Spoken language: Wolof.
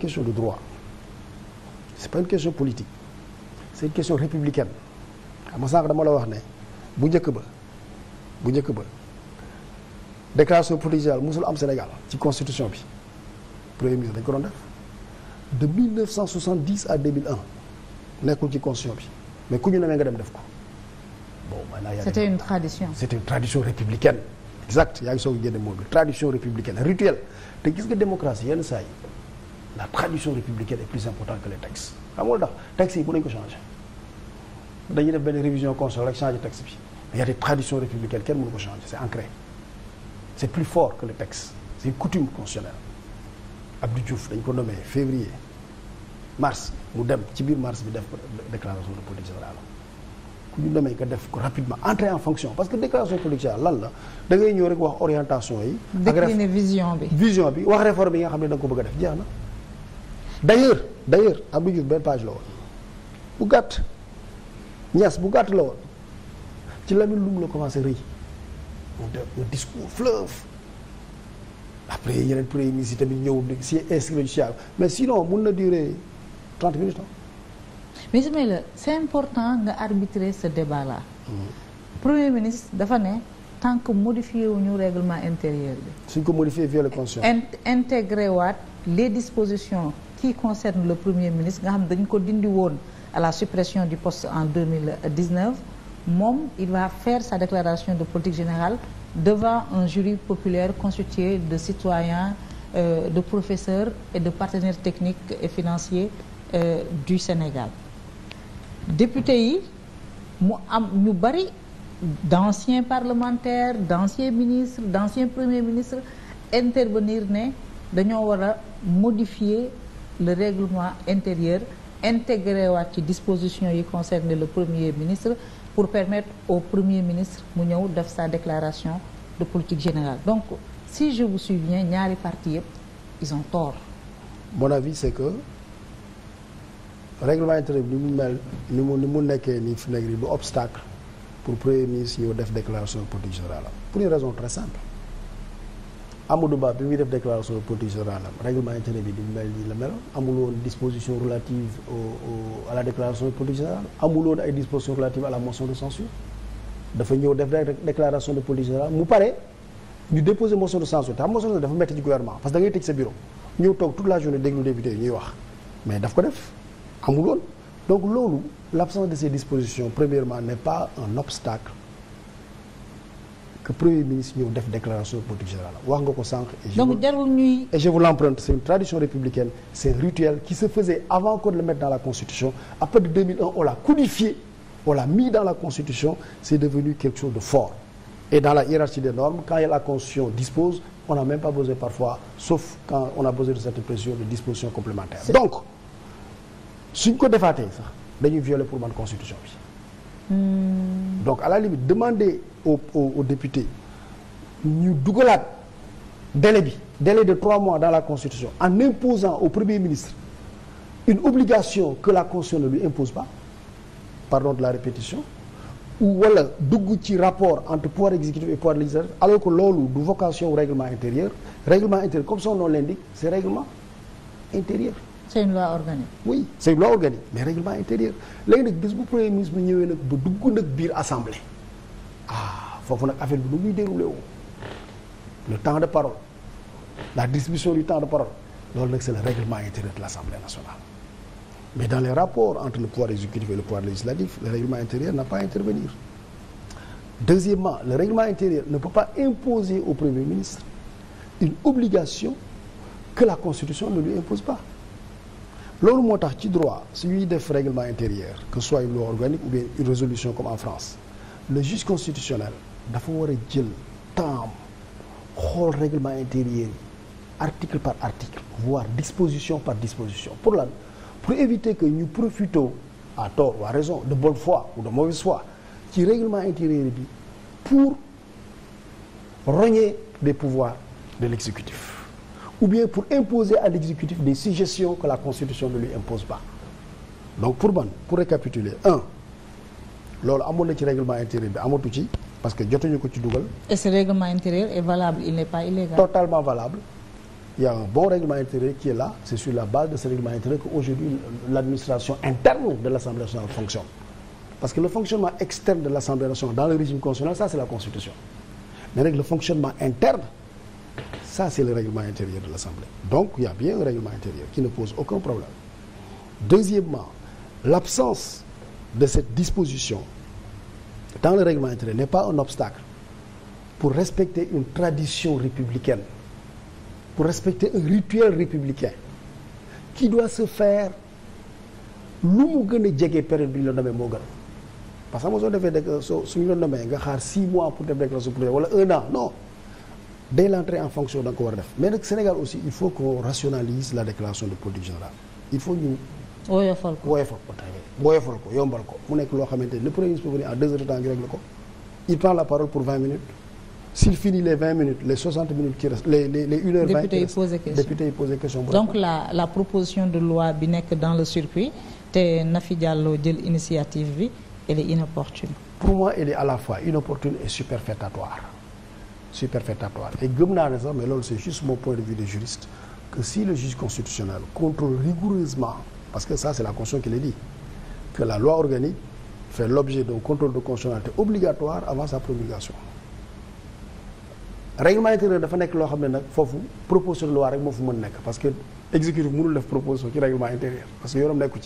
question de droit c'est pas une question politique c'est une question républicaine xam nga sànq dama la wax ne bu njëkk ba bu njëkk ba déclaration provisoire musul am Sénégal ci constitution bi premier ministre dañ ko doon def de 1970 à 2001 nekkul ci constitution bi mais ku ñu namee nga dem def ko bon maanaam. c'était une tradition c'était une tradition républicaine. exact yaa ngi soog a génne mot bi tradition républicaine rituel te gis nga démocratie yenn saa yi. la tradition républicaine est plus importante que les textes xam nga lu ko changé dañuy def benn révision constitutionnelle rek changé texte bi mais y a des traditions républicaines kenn mënu ko changé c'est ancré c'est plus fort que les textes c'est une coutume dañ ko nommé février mars mu dem ci biir mars bi def déclaration de politique générale ku ñu demee nga def que lan la da ngay ñëw rek wax orientation yi. ak vision bi vision bi wax réforme yi nga xam ne da ko bëgg def jeex na. d'ailleurs d'ailleurs Abdou Diouf benn page la woon bu gàtt ñas bu gàtt la woon ci Lamine Loum la commencé rëy mu discours fleuve après yeneen premier ministre yi tamit ñëw si inscrire ci mais sinon mun na durer trente minutes non. mais Ismaïla c'est important nga arbitrer ce débat là. Mmh. premier ministre dafa ne tant que modifié wuñu règlement intérieur bi. suñ ko modifié via la constitution. intégré waat les disposition qui concerne le premier ministre nga xam dañu ko dindi woon à la suppression du poste en 2019 moom il va faire sa déclaration de politique générale devant un jury populaire constitué de citoyens euh, de professeurs et de partenaires techniques et financiers euh, du Sénégal député yi mu am ñu bari d'anciens parlementaires d'anciens ministres d'anciens premiers ministres intervenir ne dañoo war a modifier le règlement intérieur intégré waat ci disposition yi concerne le premier ministre pour permettre au premier ministre mu ñëw def sa déclaration de politique générale donc si je vous suis bien ñaari parti yëpp ils ont tort mon avis c'est que règlement intérieur bi ni mu mel ni mu ni mu nekkee ni fi nekk du obstacle pour premier ministre yow def déclaration de politique générale pour une raison très simple Amadou Ba muy def déclaration politique générale am règlement intérieur bi amul woon disposition relative au à la déclaration politique générale amul woon ay disposition relative à la motion de censure dafa ñëw def rek déclaration de politique générale mu pare ñu déposer motion de censure te xam motion de censure dafa métti ci gouvernement parce que da ngay tëj sa bureau ñëw toog toute la journée déglu député yi ñuy wax mais daf ko def amul donc loolu l'absence de ces dispositions premièrement n'est pas un obstacle que premier ministre ñëw def déclaration politique générale wax nga ko et je vous l'emprunte c'est une tradition républicaine c'est un qui se faisait avant qu'on le mette dans la constitution après de 2001 on l'a codifié on l'a mis dans la constitution c'est devenu quelque chose de fort et dans la hiérarchie des normes quand la constitution dispose on n'a même pas besoin parfois sauf quand on a besoin de certaines précisions de dispositions complémentaires donc suñ ko pour man constitution Hmm. donc à la limite demander au aux, aux députés ñu dugalaat délai bi délai de trois mois dans la constitution en imposant au premier ministre une obligation que la constitution ne lui impose pas pardon de la répétition ou wala dugg ci rapport entre pouvoir exécutif et pouvoir législatif alors que loolu du vocation au règlement intérieur règlement intérieur comme son nom l'indique c'est règlement intérieur c'est une loi organique. oui c'est une loi organique mais règlement intérieur léegi nag bis bu premier ministre bi ñëwee nag ba dugg nag biir assemblée ah foofu nag affaire bi nu muy déroulé woo le temps de parole la distribution du temps de parole loolu nag c'est le règlement intérieur de l'Assemblée nationale mais dans les rapports entre le pouvoir exécutif et le pouvoir législatif le règlement intérieur n'a pas à intervenir deuxièmement le règlement intérieur ne peut ministre obligation que la Constitution ne lui pas loolu moo tax ci droit su ñuy def réglement intérieur que ce soit une loi organique ou bien une résolution comme en France le juge constitutionnel dafa war a jël temps xool réglement intérieur yi article par article voire disposition par disposition pour lan pour éviter que ñu profitoo à tort ou à raison de bonne foi ou de mauvaise foi ci réglement intérieur bi pour rogner des pouvoirs de l'exécutif ou bien pour imposer à l'exécutif des suggestions que la constitution ne lui impose pas donc pour man pour récapituler un loolu amoon ci règlement intérieur bi amatu ci parce que jotuñu ko ci dugal. et ce règlement intérieur est valable il n'est pas illégal. totalement valable il y a un bon règlement intérieur qui est là c'est sur la base de ce règlement intérieur qu'aujourd'hui l'administration interne de l'Assemblée nationale Ça, c'est le règlement intérieur de l'Assemblée. Donc, il y a bien un règlement intérieur qui ne pose aucun problème. Deuxièmement, l'absence de cette disposition dans le règlement intérieur n'est pas un obstacle pour respecter une tradition républicaine, pour respecter un rituel républicain qui doit se faire lu mu gën a jege période bi ñu la nommé moo gën parce que moo soo defee dëkk soo suñu la nommé nga xaar six mois pour def déclaration pour wala u an non dès l'entrée en fonction da ko war a def mais nag Sénégal aussi il faut qu'on rationalise la déclaration de politique générale il faut ñu. woyofal ko woyofal ko ko yombal ko mu nekk loo xamante ni le premier ministre peut venir en deux heures de temps ñu réglé ko il prend la parole pour vingt minutes s'il finit les vingt minutes les soixante minutes qui restent les une heure vingt député député yi posé question. donc la proposition de loi bi nekk dans le circuit initiative bi elle pour moi elle est à la fois inopportune et superfétatoire et gëm naa ne sax mais loolu c'est juste mon point de vue de juriste que si le juge constitutionnel contrôle rigoureusement parce que ça c'est la Constitution qui le dit que la loi organique fait l'objet d'un contrôle de constitutionnalité obligatoire avant sa promulgation règlement intérieur dafa nekk loo xam ne nag foofu proposition de loi rek moo fu mën nekk parce que exécutif mënul def proposition ci règlement intérieur parce que yoonam nekku